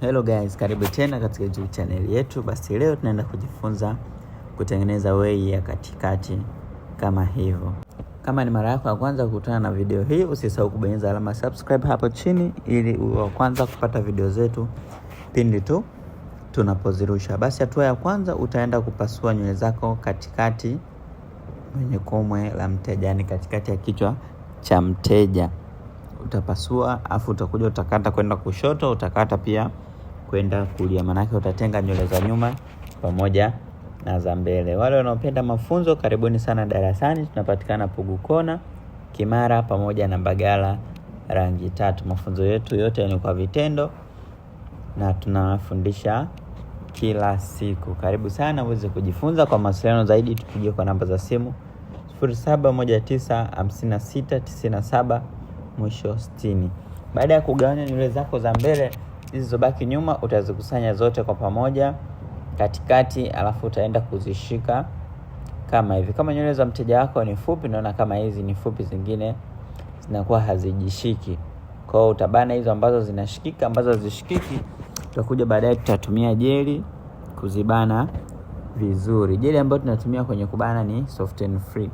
Hello guys, karibu tena katika YouTube channel yetu. Basi leo tunaenda kujifunza kutengeneza wei ya katikati kama hivyo. Kama ni mara yako ya kwanza kukutana na video hii, usisahau kubonyeza alama subscribe hapo chini ili uwe wa kwanza kupata video zetu pindi tu tunapozirusha. Basi hatua ya kwanza utaenda kupasua nywele zako katikati kwenye komwe la mteja, yani katikati ya kichwa cha mteja utapasua afu utakuja utakata kwenda kushoto, utakata pia kwenda kulia, maanake utatenga nywele za nyuma pamoja na za mbele. Wale wanaopenda mafunzo, karibuni sana darasani. Tunapatikana pugukona Kimara pamoja na Mbagala rangi tatu. Mafunzo yetu yote ni kwa vitendo na tunafundisha kila siku. Karibu sana uweze kujifunza. Kwa mawasiliano zaidi, tupigie kwa namba za simu 07195697 mwisho sitini. Baada ya kugawanya nywele zako za mbele, zilizobaki nyuma utazikusanya zote kwa pamoja katikati, alafu utaenda kuzishika kama hivi. Kama nywele za mteja wako ni fupi, naona kama hizi ni fupi, zingine zinakuwa hazijishiki. Kwa hiyo utabana hizo ambazo zinashikika, ambazo hazishikiki tutakuja baadaye, tutatumia jeli kuzibana vizuri. Jeli ambayo tunatumia kwenye kubana ni Soft and Free.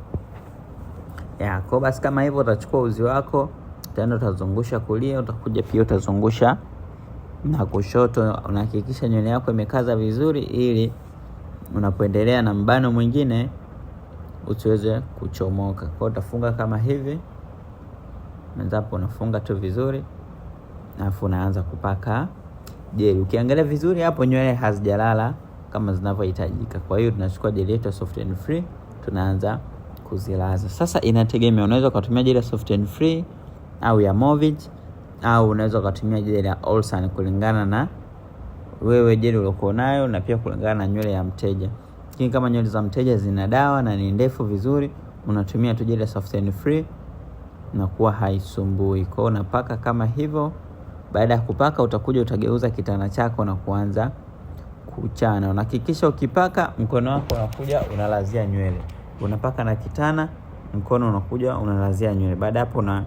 Ya, kwa basi kama hivyo utachukua uzi wako tena utazungusha kulia, utakuja pia utazungusha na kushoto. Unahakikisha nywele yako imekaza vizuri, ili unapoendelea na mbano mwingine usiweze kuchomoka. Kwa utafunga kama hivi mwenzapo, unafunga tu vizuri, alafu unaanza kupaka jeli. Ukiangalia vizuri hapo, nywele hazijalala kama zinavyohitajika. Kwa hiyo tunachukua jeli yetu soft and free, tunaanza kuzilaza sasa. Inategemea, unaweza ukatumia jeli ya soft and free au ya Movit au unaweza ukatumia jeli ya Olsan kulingana na wewe jeli uliokuwa nayo na pia kulingana na nywele ya mteja. Lakini kama nywele za mteja zina dawa na ni ndefu vizuri, unatumia tu jeli ya Soft and Free na kuwa haisumbui. Kwa hiyo unapaka kama hivyo. Baada ya kupaka, utakuja utageuza kitana chako na kuanza kuchana. Unahakikisha ukipaka mkono wako unakuja unalazia nywele, unapaka na kitana, mkono unakuja unalazia nywele. Baada hapo na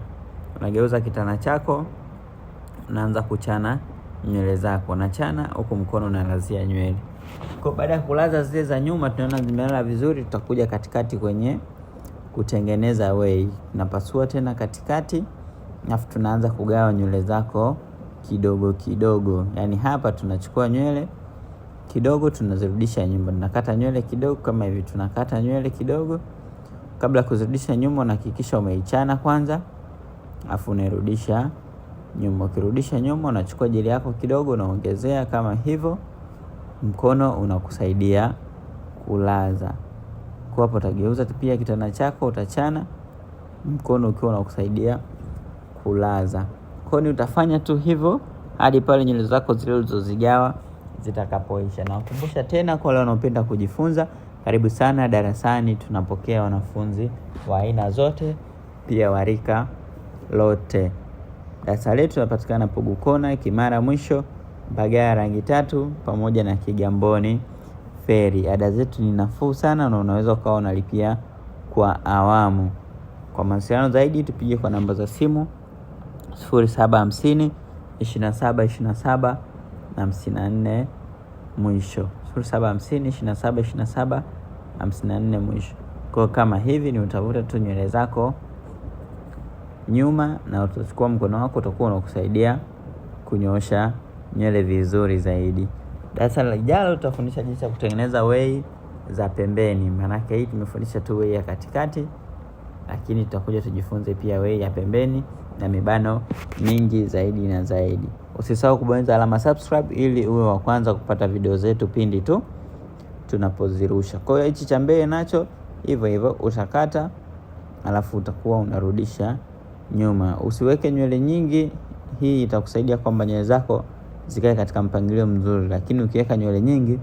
unageuza kitana chako, unaanza kuchana nywele zako, nachana huku mkono unalazia nywele. Kwa baada ya kulaza zile za nyuma, tunaona zimelala vizuri, tutakuja katikati kwenye kutengeneza wei, tunapasua tena katikati, alafu tunaanza kugawa nywele zako kidogo kidogo. Yani hapa tunachukua nywele kidogo tunazirudisha nyuma, tunakata nywele kidogo kama hivi, tunakata nywele kidogo. Kabla ya kuzirudisha nyuma, unahakikisha umeichana kwanza afu unairudisha nyuma. Ukirudisha nyuma, unachukua jeli yako kidogo, unaongezea kama hivyo, mkono unakusaidia kulaza. Kwa hapo utageuza pia kitana chako, utachana mkono ukiwa unakusaidia kulaza. Kwa ni utafanya tu hivyo hadi pale nywele zako zile ulizozigawa zitakapoisha. Na kukumbusha tena kwa wale wanaopenda kujifunza, karibu sana darasani. Tunapokea wanafunzi wa aina zote, pia warika lote. Darasa letu linapatikana Pugukona, Kimara Mwisho, Mbagala rangi tatu, pamoja na Kigamboni Feri. Ada zetu ni nafuu sana na unaweza ukawa unalipia kwa awamu. Kwa mawasiliano zaidi tupige kwa namba za simu 0750 27 27 54 mwisho 0750 27 27 54 mwisho. Kwa kama hivi ni utavuta tu nywele zako nyuma na utachukua mkono wako utakuwa unakusaidia kunyoosha nywele vizuri zaidi. Darasa lijalo tutafundisha jinsi ya kutengeneza wei za pembeni. Maanake hii tumefundisha tu wei ya katikati, lakini tutakuja tujifunze pia wei ya pembeni na mibano mingi zaidi na zaidi. Usisahau kubonyeza alama subscribe ili uwe wa kwanza kupata video zetu pindi tu tunapozirusha. Kwa hiyo hichi cha mbele nacho hivyo hivyo utakata, alafu utakuwa unarudisha nyuma. Usiweke nywele nyingi, hii itakusaidia kwamba nywele zako zikae katika mpangilio mzuri, lakini ukiweka nywele nyingi,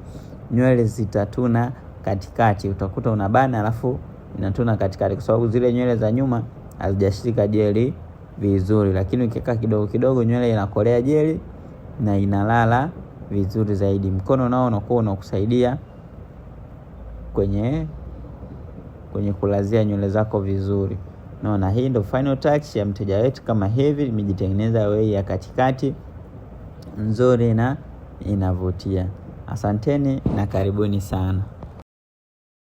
nywele zitatuna katikati, utakuta bana alafu inatuna katikati, kwa sababu zile nywele za nyuma hazijashika jeli vizuri, lakini ukiweka kidogo kidogo, nywele inakolea jeli na inalala vizuri zaidi. Mkono nao unakuwa unakusaidia kwenye kwenye kulazia nywele zako vizuri. Naona hii ndo final touch ya mteja wetu kama hivi, imejitengeneza wei ya katikati nzuri na inavutia. Asanteni na karibuni sana.